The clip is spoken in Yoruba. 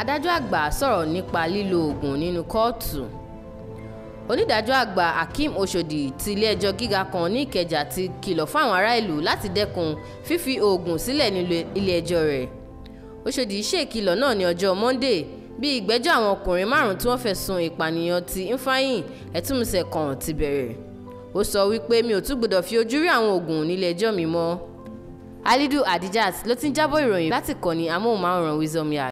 adájọ́ àgbà sọ̀rọ̀ nípa lílo oògùn nínú kóòtù onídàájọ́ àgbà Hakeem Oshodi ti ilé-ẹjọ́ gíga kan ní Ìkẹjà ti kìlọ̀ fáwọn ará ìlú láti dẹ́kun fífi oògùn sílẹ̀ nílé ilé rẹ̀ Oshodi ṣèkìlọ̀ náà ní ọjọ́ Monday bí ìgbẹ́jọ́ àwọn ọkùnrin márùn-ún tí wọ́n fẹ̀sùn ìpànìyàn ti Ifeanyi Ẹtúnmisẹ̀ kan ti bẹ̀rẹ̀ ó sọ wípé mi ò tún gbọdọ̀ fi ojú rí àwọn oògùn nílé-ẹjọ́ mi mọ́ Alidu Adijat ló ti ń jábọ̀ ìròyìn láti kọ́ni amóhùnmáwòrán Wisdom Yard